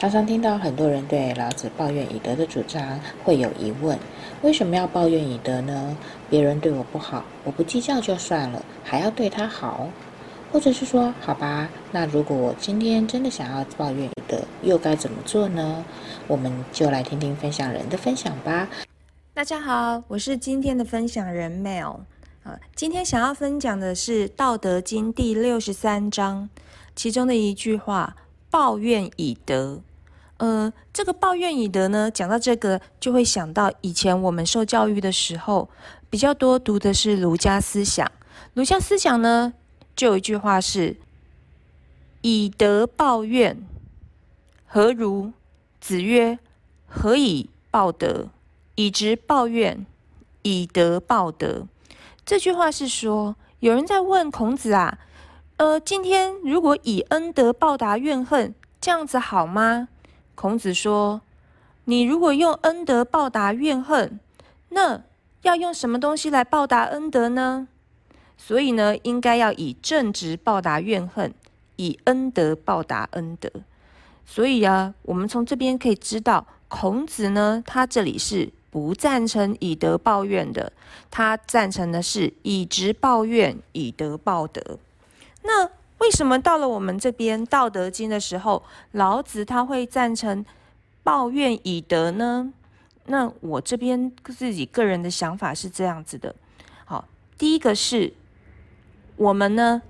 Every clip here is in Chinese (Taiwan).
常常聽到很多人對老子報怨以德的主張會有疑問，為什麼要報怨以德呢？別人對我不好，我不計較就算了，還要對他好？或者是說，好吧，那如果我今天真的想要報怨以德，又該怎麼做呢？我們就來聽聽分享人的分享吧。大家好，我是今天的分享人 Mel。啊，今天想要分享的是《道德經》第六十三章其中的一句話：報怨以德。呃，這個報怨以德呢，講到這個就會想到以前我們受教育的時候，比較多讀的是儒家思想。儒家思想呢，就有一句話是“以德報怨，何如？”子曰：“何以報德？以直報怨，以德報德。”這句話是說，有人在問孔子啊，呃，今天如果以恩德報答怨恨，這樣子好嗎？孔子說：“你如果用恩德報答怨恨，那要用什麼東西來報答恩德呢？”所以呢，應該要以正直報答怨恨，以恩德報答恩德。所以啊，我們從這邊可以知道，孔子呢，他這裡是不贊成以德報怨的，他贊成的是以直報怨，以德報德。那為什麼到了我們這邊《道德經》的時候，老子他會贊成報怨以德呢？那我這邊自己個人的想法是這樣子的。好，第一個是，我們呢，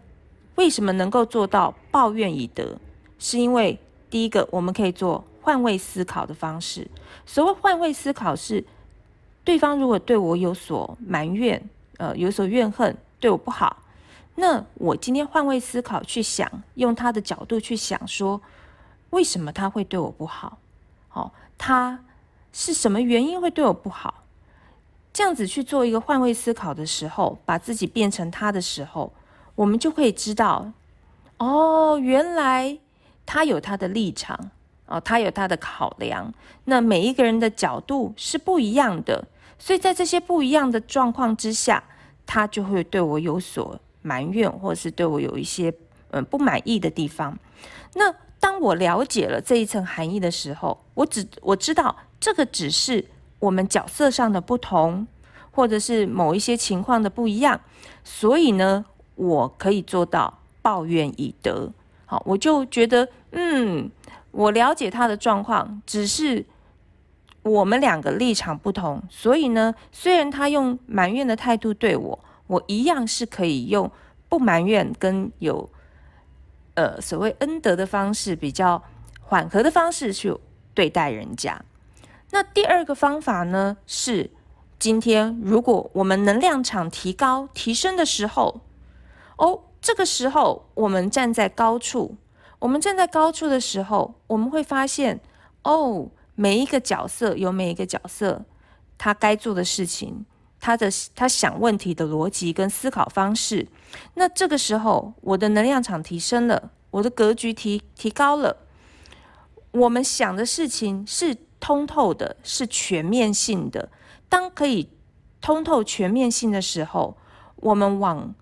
為什麼能夠做到報怨以德？是因為第一個，我們可以做換位思考的方式。所謂換位思考是，是對方如果對我有所埋怨，呃，有所怨恨，對我不好。那我今天換位思考去想，用他的角度去想說，說為什麼他會對我不好？哦，他是什麼原因會對我不好？這樣子去做一個換位思考的時候，把自己變成他的時候，我們就可以知道，哦，原來他有他的立場，哦，他有他的考量。那每一個人的角度是不一樣的，所以在這些不一樣的狀況之下，他就會對我有所埋怨、或是對我有一些嗯、呃、不滿意的地方，那當我了解了這一層含義的時候，我只我知道這個只是我們角色上的不同，或者是某一些情況的不一樣，所以呢，我可以做到抱怨以得好，我就覺得嗯，我了解他的狀況，只是我們兩個立場不同，所以呢，雖然他用埋怨的態度對我。我一樣是可以用不埋怨跟有呃所謂恩德的方式，比較緩和的方式去對待人家。那第二個方法呢，是今天如果我們能量場提高提升的時候，哦，這個時候我們站在高處，我們站在高處的時候，我們會發現，哦，每一個角色有每一個角色他該做的事情。他的他想問題的邏輯跟思考方式，那這個時候我的能量場提升了，我的格局提提高了。我們想的事情是通透的，是全面性的。當可以通透全面性的時候，我們往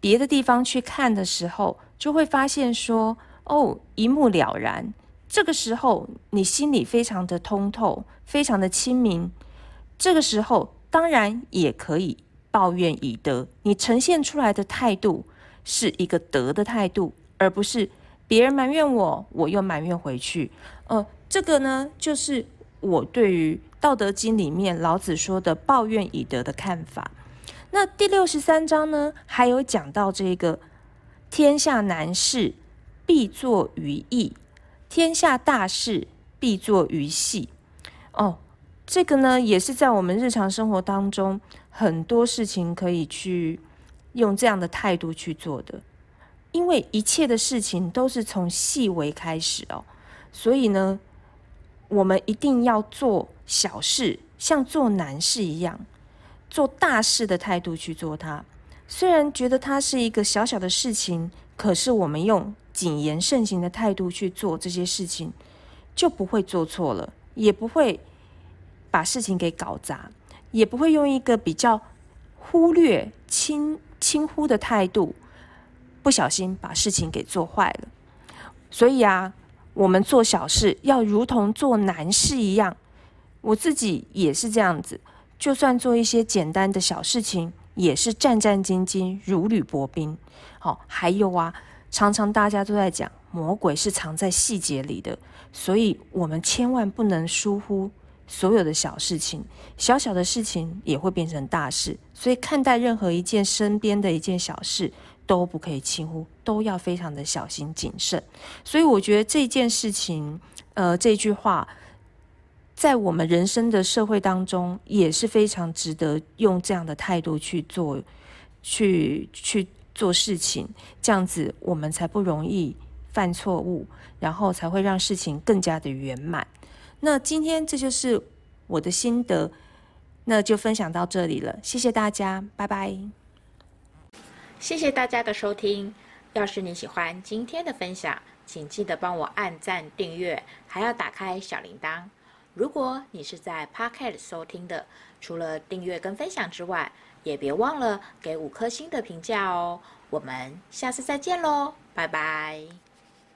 別的地方去看的時候，就會發現說：“哦，一目了然。”這個時候你心裡非常的通透，非常的清明。這個時候。當然也可以報怨以德，你呈現出來的態度是一個德的態度，而不是別人埋怨我，我又埋怨回去。呃，這個呢，就是我對於《道德經》裡面老子說的報怨以德的看法。那第六十三章呢，還有講到這個天下難事，必作於易；天下大事，必作於細。哦。這個呢，也是在我們日常生活當中很多事情可以去用這樣的態度去做的，因為一切的事情都是從細微開始哦，所以呢，我們一定要做小事，像做難事一樣，做大事的態度去做它。雖然覺得它是一個小小的事情，可是我們用謹言慎行的態度去做這些事情，就不會做錯了，也不會。把事情給搞砸，也不會用一個比較忽略、輕輕忽的態度，不小心把事情給做壞了。所以啊，我們做小事要如同做難事一樣。我自己也是這樣子，就算做一些簡單的小事情，也是戰戰兢兢、如履薄冰。好，哦，還有啊，常常大家都在講，魔鬼是藏在細節裡的，所以我們千萬不能疏忽。所有的小事情，小小的事情也會變成大事，所以看待任何一件身邊的一件小事都不可以輕忽，都要非常的小心謹慎。所以我覺得這件事情，呃，這句話在我們人生的社會當中也是非常值得用這樣的態度去做，去去做事情，這樣子我們才不容易犯錯誤，然後才會讓事情更加的圓滿。那今天這就是我的心得，那就分享到這裡了，謝謝大家，拜拜。謝謝大家的收聽。要是你喜歡今天的分享，請記得幫我按讚、訂閱，還要打開小鈴鐺。如果你是在 Podcast 收聽的，除了訂閱跟分享之外，也別忘了給五顆星的評價哦。我們下次再見嘍，拜拜。